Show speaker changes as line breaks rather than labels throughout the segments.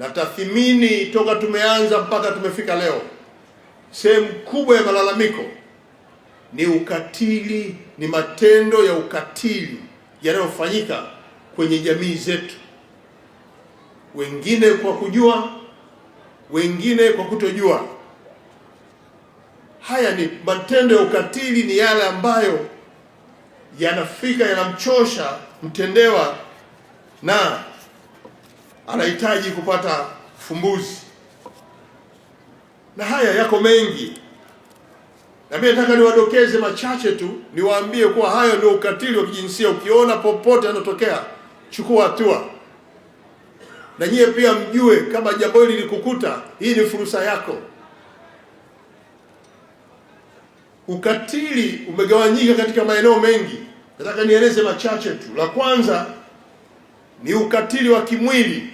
na tathmini toka tumeanza mpaka tumefika leo, sehemu kubwa ya malalamiko ni ukatili, ni matendo ya ukatili yanayofanyika kwenye jamii zetu, wengine kwa kujua, wengine kwa kutojua. Haya ni matendo ya ukatili, ni yale ambayo yanafika yanamchosha mtendewa na anahitaji kupata fumbuzi, na haya yako mengi, na mimi nataka niwadokeze machache tu, niwaambie kuwa hayo ndio ukatili wa kijinsia. Ukiona popote yanatokea, chukua hatua, na nyie pia mjue kama jambo hili likukuta, hii ni fursa yako. Ukatili umegawanyika katika maeneo mengi, nataka nieleze machache tu. La kwanza ni ukatili wa kimwili.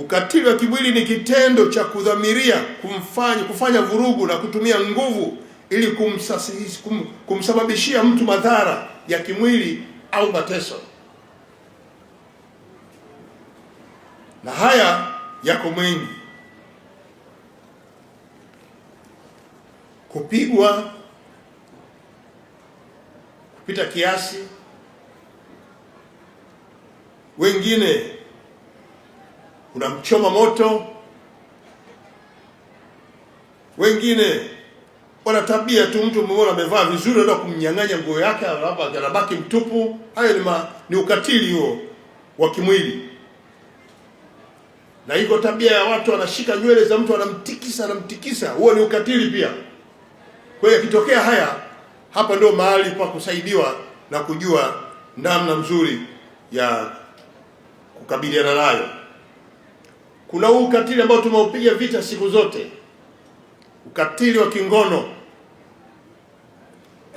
Ukatili wa kimwili ni kitendo cha kudhamiria kumfanya, kufanya vurugu na kutumia nguvu ili kumsasisi, kum, kumsababishia mtu madhara ya kimwili au mateso, na haya yako mengi: kupigwa kupita kiasi, wengine unamchoma moto. Wengine wana tabia tu, mtu mmeona amevaa vizuri, anaenda kumnyang'anya nguo yake, labda anabaki mtupu. Hayo ni, ni ukatili huo wa kimwili. Na iko tabia ya watu wanashika nywele za mtu anamtikisa, anamtikisa, huo ni ukatili pia. Kwa hiyo yakitokea haya, hapa ndio mahali pa kusaidiwa na kujua namna nzuri ya kukabiliana nayo. Kuna huu ukatili ambao tumeupiga vita siku zote, ukatili wa kingono.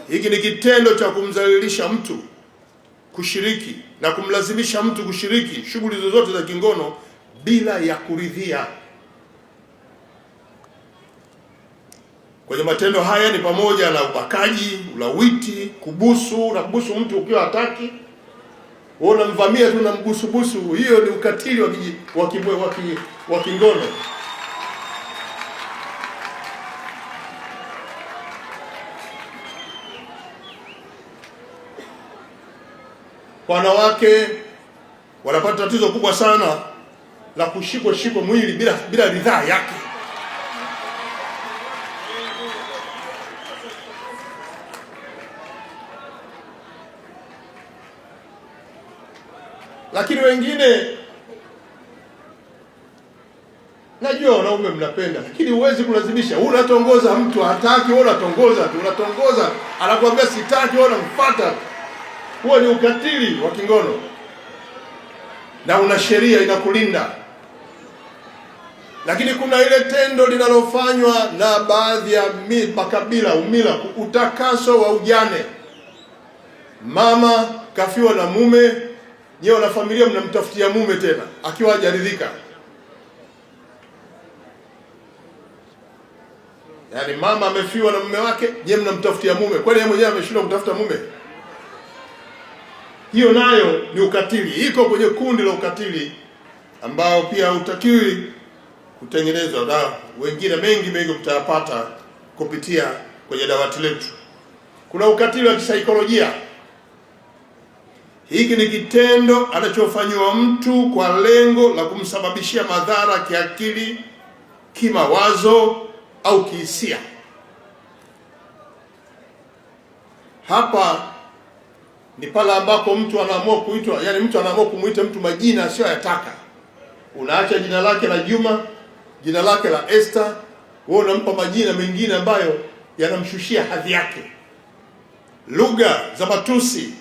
Hiki ni kitendo cha kumdhalilisha mtu kushiriki na kumlazimisha mtu kushiriki shughuli zozote za kingono bila ya kuridhia. Kwenye matendo haya ni pamoja na ubakaji, ulawiti, kubusu na kubusu mtu ukiwa hataki wewe unamvamia tu mbusubusu hiyo ni ukatili wa wa kingono. Wanawake wanapata tatizo kubwa sana la kushikwa shikwa mwili bila bila ridhaa yake. Lakini wengine najua wanaume mnapenda, lakini huwezi kulazimisha. Unatongoza mtu hataki, wewe unatongoza tu, unatongoza anakuambia sitaki, wewe unamfuata. Huo ni ukatili wa kingono, na una sheria inakulinda. Lakini kuna ile tendo linalofanywa na baadhi ya makabila, umila, utakaso wa ujane. Mama kafiwa na mume nyewe na familia mnamtafutia mume tena akiwa hajaridhika. Yaani mama amefiwa na mume wake, nyewe mnamtafutia mume. Kwani yeye mwenyewe ameshindwa kutafuta mume? Hiyo nayo ni ukatili, iko kwenye kundi la ukatili ambao pia hautakiwi kutengenezwa, na wengine mengi mengi mtayapata kupitia kwenye dawati letu. Kuna ukatili wa kisaikolojia. Hiki ni kitendo anachofanyiwa mtu kwa lengo la kumsababishia madhara kiakili, kimawazo au kihisia. Hapa ni pale ambapo mtu anaamua kuitwa, yani mtu anaamua kumuita mtu majina asiyoyataka. Unaacha jina lake la Juma, jina lake la Esther, wewe unampa majina mengine ambayo yanamshushia hadhi yake. Lugha za matusi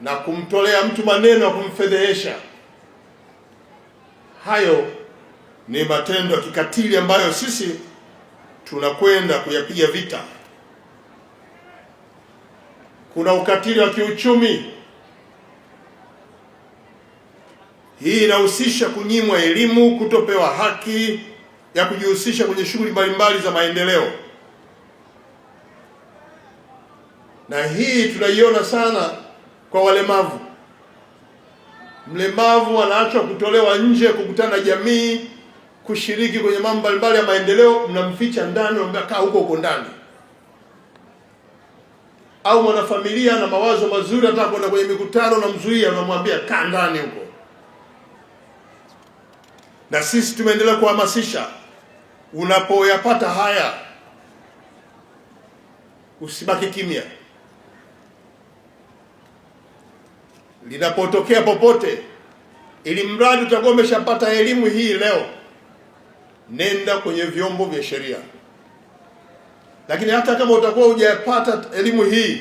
na kumtolea mtu maneno ya kumfedhehesha. Hayo ni matendo ya kikatili ambayo sisi tunakwenda kuyapiga vita. Kuna ukatili wa kiuchumi. Hii inahusisha kunyimwa elimu, kutopewa haki ya kujihusisha kwenye shughuli mbalimbali za maendeleo, na hii tunaiona sana kwa walemavu. Mlemavu anaachwa kutolewa nje kukutana na jamii, kushiriki kwenye mambo mbalimbali ya maendeleo, mnamficha ndani, kaa huko huko ndani. Au mwanafamilia na mawazo mazuri, atakwenda kwenda kwenye mikutano, namzuia, unamwambia kaa ndani huko. Na sisi tumeendelea kuhamasisha, unapoyapata haya usibaki kimya. linapotokea popote, ili mradi utakuwa umeshapata elimu hii leo, nenda kwenye vyombo vya sheria. Lakini hata kama utakuwa hujapata elimu hii,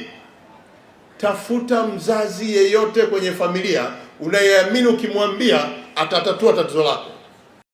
tafuta mzazi yeyote kwenye familia unayeamini ukimwambia atatatua tatizo lako.